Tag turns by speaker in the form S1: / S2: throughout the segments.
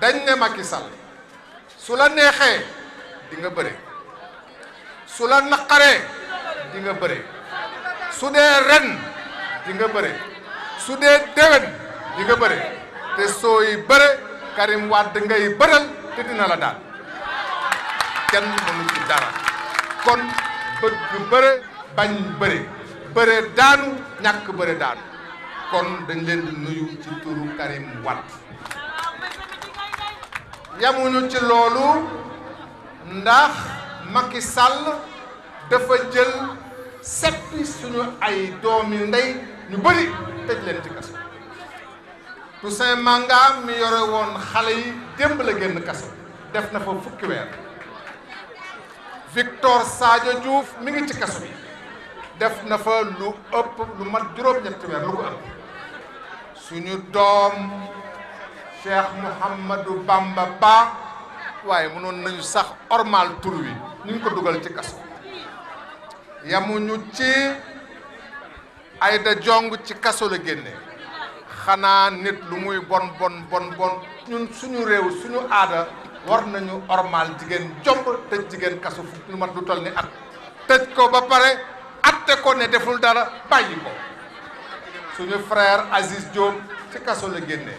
S1: dañ ki sal Sall su la neexee di nga bëre su la naqaree di nga bëre su dee ren di bëre su dee déwén di nga bëre te sooy bëre Karim Wade ngay bëral te dina la daal kenn mënu dara kon bëgg bëre bañ bëre bëre ñàkk bëre daanu kon dañ leen di nuyu ci turu Karim Wade yamuñu ci loolu ndax Macky Sall dafa jël seppi suñu ay doomi ndey ñu bëri tëj leen ci kaso Toussaint Manga mi yore woon xale yi démb la génn kaso def na fa fukki weer Victor Sadio juuf mi ngi ci kaso bi def na fa lu ëpp lu mat juróom-ñetti weer lu ko ëpp suñu doom Cheikh Mouhamadou Bamba Ba waaye mënoon nañu sax ormal tur wi ñu ko dugal ci kaso yamuñu ci ay Jong ci kaso la génne xanaa nit lu muy bon bon bon bon ñun suñu réew suñu aada war nañu ormal jigéen jomb tëj jigéen kasu fu lu mat lu toll ni at tëj ko ba pare atte ko ne deful dara bàyyi ko suñu frère Aziz Diop ci kaso la génnee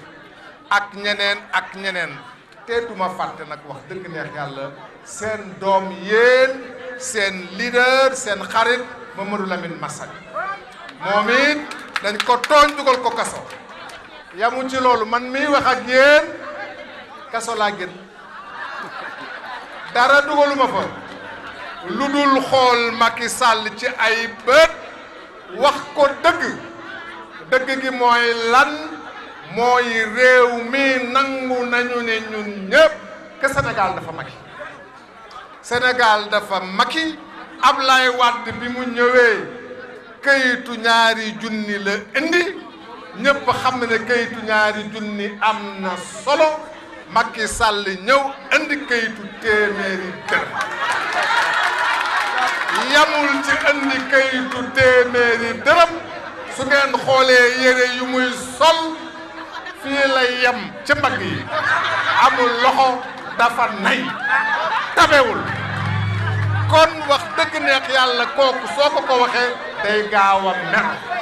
S1: ak ñeneen ak ñeneen te duma fàtte nag wax dëgg neex yàlla seen doom yéen seen leader seen xarit Mamadou Lamine Massaly moom it dañ ko tooñ ko kaso yamu ci loolu man mii wax ak yéen kaso laa génn dara dugaluma fa lu dul xool makki sàll ci ay bët wax ko dëgg dëgg gi mooy lan mooy réew mi nangu nañu ne ñun ñëpp que Sénégal dafa Macky senegal dafa Macky Ablaye Wade bi mu ñëwee këyitu ñaari junni la indi ñëpp xam ne kayitu ñaari junni am na solo Macky Sall ñëw indi kayitu téeméeri dërëm yamul ci indi kayitu téeméeri dërëm su ngeen xoolee yére yu muy sol fii lay yem ci mbagg yi amul loxo dafa nay tabewul kon wax dëgg neex yàlla kooku soo ko ko waxee day gaaw a